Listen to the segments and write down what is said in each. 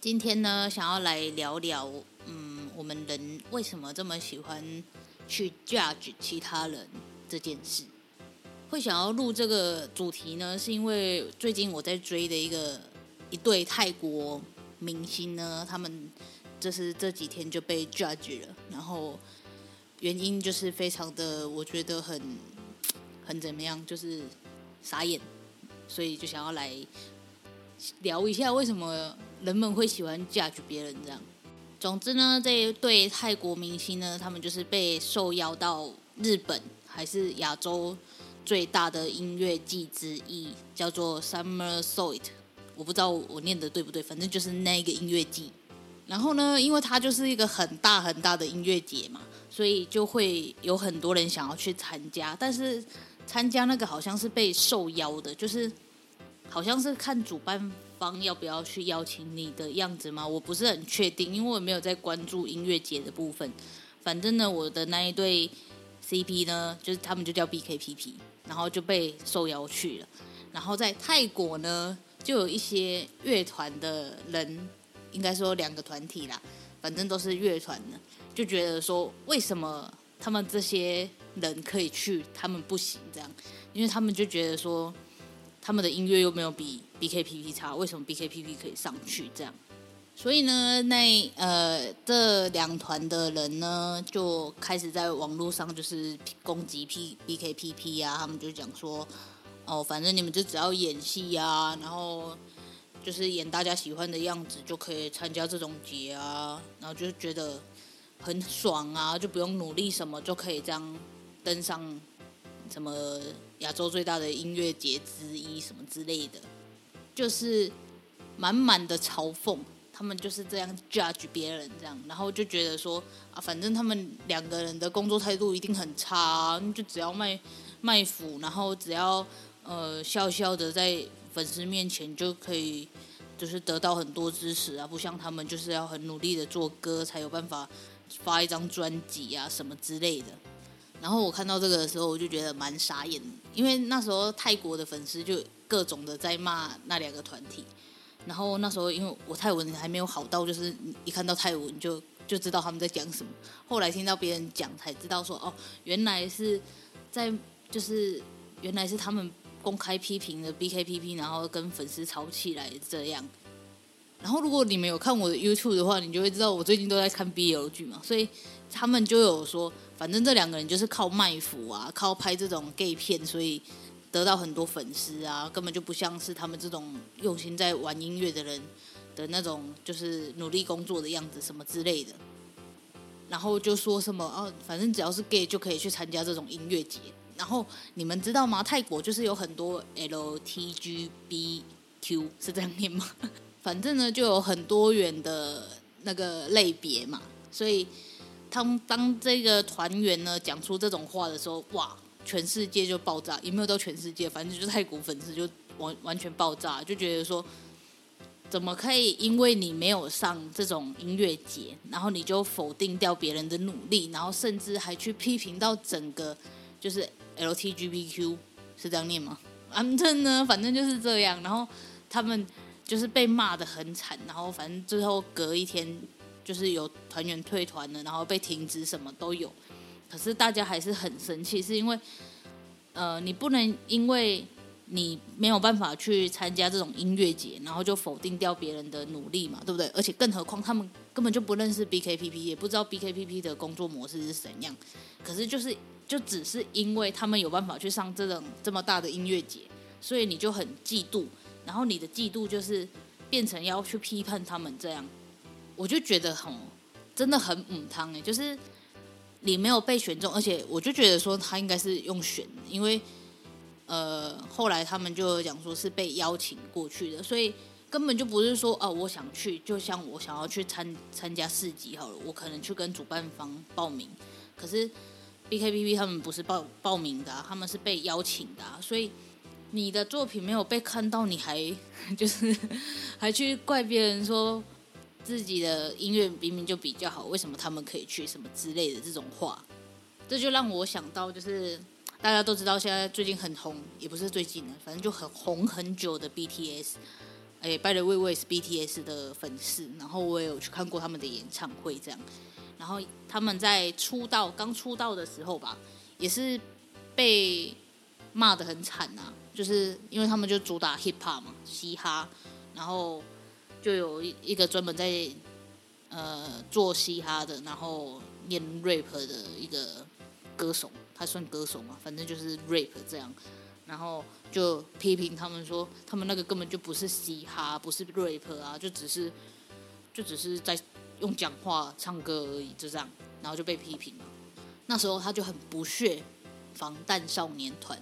今天呢，想要來聊聊，嗯，我們人為什麼這麼喜歡去 judge 其他人這件事？會想要錄這個主題呢，是因為最近我在追的一個一對泰國明星呢，他們就是這幾天就被 judge 了，然後原因就是非常的，我覺得很很怎麼樣，就是傻眼，所以就想要來聊一下為什麼。人們會喜歡嫁去別人這樣。總之呢，這一對泰國明星呢，他們就是被受邀到日本，還是亞洲最大的音樂季之一，叫做 Summer Soit，我不知道我念的對不對，反正就是那個音樂季。然後呢，因為它就是一個很大很大的音樂節嘛，所以就會有很多人想要去參加。但是參加那個好像是被受邀的，就是。好像是看主辦方要不要去邀請你的樣子嗎？我不是很確定，因為我沒有在關注音樂節的部分。反正呢，我的那一對 CP 呢，就是他們就叫 BKPP，然後就被受邀去了。然後在泰國呢，就有一些樂團的人，應該說兩個團體啦,反正都是樂團的，就覺得說，為什麼他們這些人可以去，他們不行這樣，因為他們就覺得說。他們的音樂又沒有比 BKPP 差，為什麼 BKPP 可以上去這樣？所以呢，那呃這兩團的人呢，就開始在網絡上就是攻擊 P，BKPP 啊，他們就講說，哦，反正你們就只要演戲啊，然後就是演大家喜歡的樣子就可以參加這種節啊，然後就覺得很爽啊，就不用努力什麼就可以這樣登上。什麼亞洲最大的音樂節之一什麼之類的，就是滿滿的嘲諷。他們就是這樣 judge 別人這樣，然後就覺得說啊，反正他們兩個人的工作態度一定很差啊，就只要賣賣腐，然後只要呃笑笑的在粉絲面前就可以，就是得到很多支持啊。不像他們，就是要很努力的做歌才有辦法發一張專輯啊什麼之類的。然後我看到這個的時候，我就覺得蠻傻眼，因為那時候泰國的粉絲就各種的在罵那兩個團體。然後那時候因為我泰文還沒有好到，就是一看到泰文就就知道他們在講什麼。後來聽到別人講才知道說，哦，原來是在就是原來是他們公開批評了 BKPP，然後跟粉絲吵起來這樣。然後，如果你們有看我的 YouTube 的話，你就會知道我最近都在看 BL 劇嘛。所以他們就有說，反正這兩個人就是靠賣腐啊，靠拍這種 Gay 片，所以得到很多粉絲啊，根本就不像是他們這種用心在玩音樂的人的那種，就是努力工作的樣子什麼之類的。然後就說什麼哦、啊，反正只要是 Gay 就可以去參加這種音樂節。然後你們知道嗎？泰國就是有很多 LTGBQ 是這樣念嗎？反正呢，就有很多元的那個類別嘛，所以他們當這個團員呢講出這種話的時候，哇，全世界就爆炸，也沒有到全世界，反正就泰國粉絲就完完全爆炸，就覺得說，怎麼可以因為你沒有上這種音樂節，然後你就否定掉別人的努力，然後甚至還去批評到整個就是 LTGBQ 是這樣念嗎？反正呢，反正就是這樣，然後他們。就是被罵得很慘，然後反正最後隔一天就是有團員退團了，然後被停職什麼都有，可是大家還是很生氣，是因為呃你不能因為你沒有辦法去參加這種音樂節，然後就否定掉別人的努力嘛，對不對？而且更何況他們根本就不認識 BKPP，也不知道 BKPP 的工作模式是怎樣，可是就是就只是因為他們有辦法去上這種這麼大的音樂節，所以你就很嫉妒。然後你的嫉妒就是變成要去批判他們這樣，我就覺得很真的很母湯誒，就是你沒有被選中，而且我就覺得說他應該是用選，因為呃後來他們就講說是被邀請過去的，所以根本就不是說哦、啊、我想去，就像我想要去參參加市集好了，我可能去跟主辦方報名，可是 B K P P 他們不是報報名的，啊，他們是被邀請的，啊，所以。你的作品沒有被看到，你還就是還去怪別人說自己的音樂明明就比較好，為什麼他們可以去什麼之類的這種話？這就讓我想到，就是大家都知道，現在最近很紅，也不是最近的，反正就很紅很久的 BTS、欸。哎，By the way，我也是 BTS 的粉絲，然後我也有去看過他們的演唱會，這樣。然後他們在出道剛出道的時候吧，也是被罵得很慘啊。就是因為他們就主打 hip hop 嘛，嘻哈，然後就有一一個專門在呃做嘻哈的，然後念 rap 的一個歌手，他算歌手嘛，反正就是 rap 這樣，然後就批評他們說，他們那個根本就不是嘻哈，不是 rap 啊，就只是就只是在用講話唱歌而已，就這樣，然後就被批評了，那時候他就很不屑防彈少年團，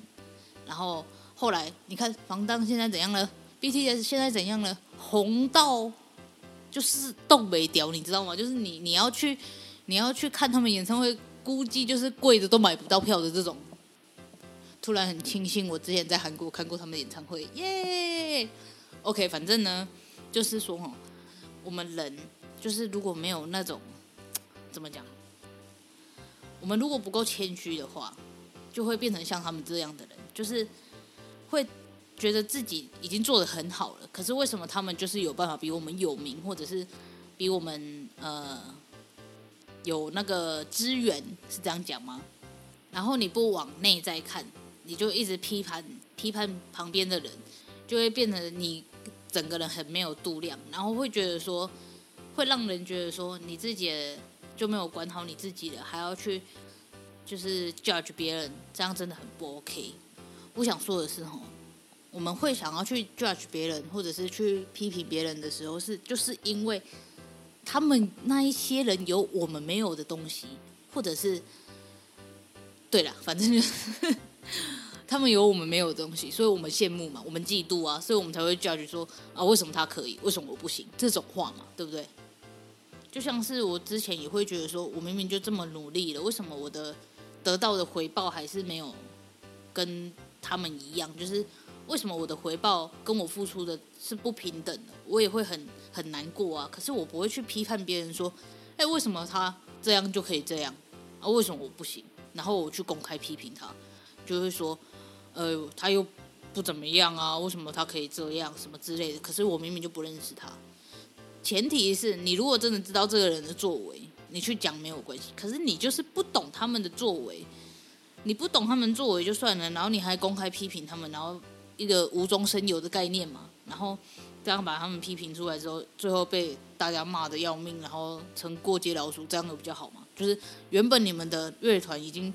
然後。後來你看防彈現在怎樣了？BTS 現在怎樣了？紅到就是東沒屌，你知道嗎？就是你你要去你要去看他們演唱會，估計就是貴的都買不到票的這種。突然很慶幸我之前在韓國看過他們的演唱會，耶！OK，反正呢，就是說哦，我們人就是如果沒有那種怎麼講，我們如果不夠謙虛的話，就會變成像他們這樣的人，就是。會覺得自己已經做得很好了，可是為什麼他們就是有辦法比我們有名，或者是比我們呃有那個資源？是這樣講嗎？然後你不往內在看，你就一直批判，批判旁邊的人，就會變成你整個人很沒有度量，然後會覺得說會讓人覺得說你自己就沒有管好你自己了，還要去就是 judge 別人，這樣真的很不 OK。我想說的時候，我們會想要去 judge 別人，或者是去批評別人的時候是，是就是因為他們那一些人有我們沒有的東西，或者是，對了，反正就是呵呵他們有我們沒有的東西，所以我們羨慕嘛，我們嫉妒啊，所以我們才會 judge 說啊，為什麼他可以，為什麼我不行，這種話嘛，對不對？就像是我之前也會覺得說，我明明就這麼努力了，為什麼我的得到的回報還是沒有跟他們一樣，就是為什麼我的回報跟我付出的是不平等的，我也會很很難過啊。可是我不會去批判別人說，哎、欸，為什麼他這樣就可以這樣啊？為什麼我不行？然後我去公開批評他，就會說，呃，他又不怎麼樣啊？為什麼他可以這樣，什麼之類的？可是我明明就不認識他。前提是你如果真的知道這個人的作為，你去講沒有關係。可是你就是不懂他們的作為。你不懂他們作為就算了，然後你還公開批評他們，然後一個無中生有的概念嘛，然後這樣把他們批評出來之後，最後被大家罵得要命，然後成過街老鼠，這樣有比較好嗎？就是原本你們的樂團已經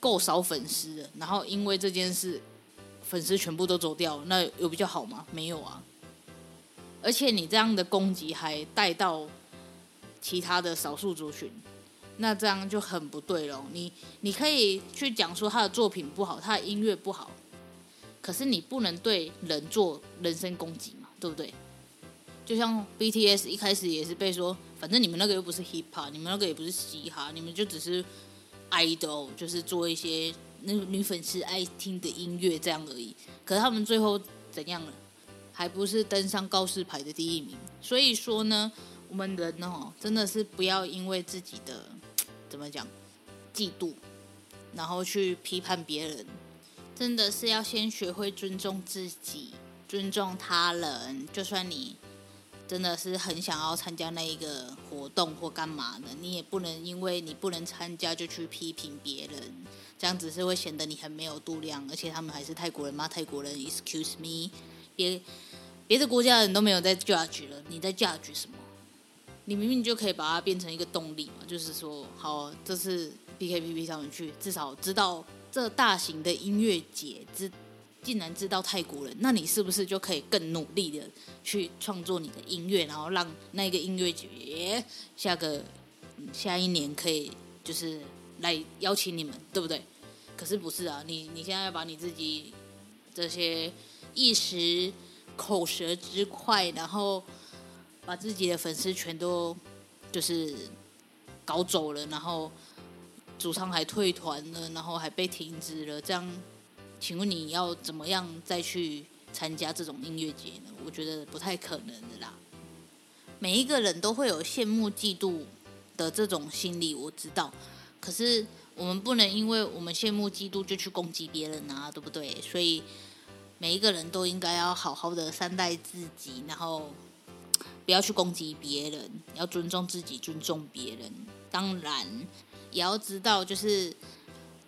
夠少粉絲了，然後因為這件事粉絲全部都走掉了，那有比較好嗎？沒有啊，而且你這樣的攻擊還帶到其他的少數族群。那這樣就很不對嘍。你你可以去講說他的作品不好，他的音樂不好，可是你不能對人做人身攻擊嘛，對不對？就像 BTS 一開始也是被說，反正你們那個又不是 hip hop，你們那個也不是嘻哈，你們就只是 idol，就是做一些那女粉絲愛聽的音樂這樣而已。可是他們最後怎樣了？還不是登上告示牌的第一名？所以說呢，我們人哦、喔，真的是不要因為自己的。怎麼講？嫉妒，然後去批判別人，真的是要先學會尊重自己，尊重他人。就算你真的是很想要參加那一個活動或幹嘛的，你也不能因為你不能參加就去批評別人，這樣子是會顯得你很沒有度量。而且他們還是泰國人嗎？泰國人，excuse me，別別的國家的人都沒有在 judge 了，你在 judge 什麼？你明明就可以把它變成一個動力嘛，就是說，好，這次 BKPP 上面去，至少知道這大型的音樂節知，竟然知道泰國人，那你是不是就可以更努力的去創作你的音樂，然後讓那個音樂節下個、嗯、下一年可以就是來邀請你們，對不對？可是不是啊，你你現在把你自己這些一時口舌之快，然後。把自己的粉絲全都就是搞走了，然後主唱還退團了，然後還被停職了，這樣，請問你要怎麼樣再去參加這種音樂節呢？我覺得不太可能的啦。每一個人都會有羨慕、嫉妒的這種心理，我知道。可是我們不能因為我們羨慕、嫉妒就去攻擊別人啊，對不對？所以每一個人都應該要好好的善待自己，然後。不要去攻擊別人，要尊重自己，尊重別人。當然，也要知道，就是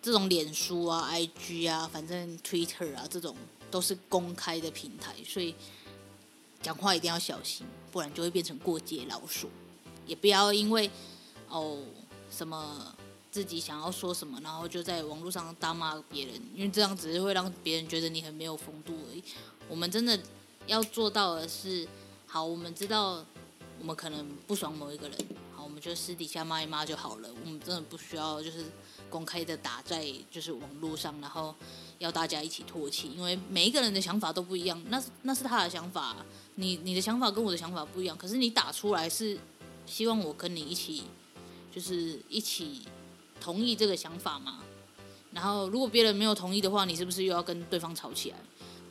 這種臉書啊、IG 啊、反正 Twitter 啊這種都是公開的平台，所以講話一定要小心，不然就會變成過街老鼠。也不要因為哦什麼自己想要說什麼，然後就在網絡上大罵別人，因為這樣只是會讓別人覺得你很沒有風度而已。我們真的要做到的是。好，我們知道我們可能不爽某一個人，好，我們就私底下罵一罵就好了。我們真的不需要就是公開的打在就是網絡上，然後要大家一起唾棄，因為每一個人的想法都不一樣，那那是他的想法，你你的想法跟我的想法不一樣，可是你打出來是希望我跟你一起就是一起同意這個想法嗎？然後如果別人沒有同意的話，你是不是又要跟對方吵起來？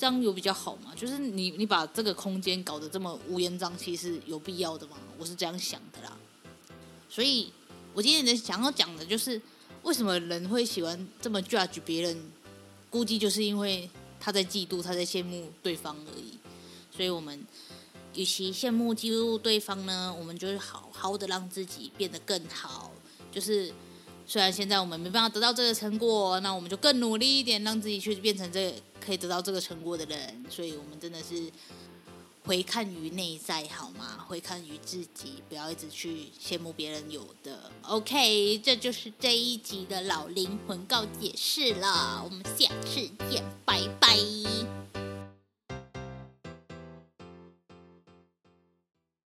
這樣有比較好嗎？就是你，你把這個空間搞得這麼烏煙瘴氣是有必要的嗎？我是這樣想的啦。所以，我今天想要講的就是，為什麼人會喜歡這麼 judge 別人？估計就是因為他在嫉妒，他在羨慕對方而已。所以，我們與其羨慕嫉妒對方呢，我們就好好的讓自己變得更好，就是。雖然現在我們沒辦法得到這個成果，那我們就更努力一點，讓自己去變成這個、可以得到這個成果的人。所以，我們真的是回看於內在，好嗎？回看於自己，不要一直去羨慕別人有的。OK，這就是這一集的老靈魂告解室了。我們下次見，拜拜。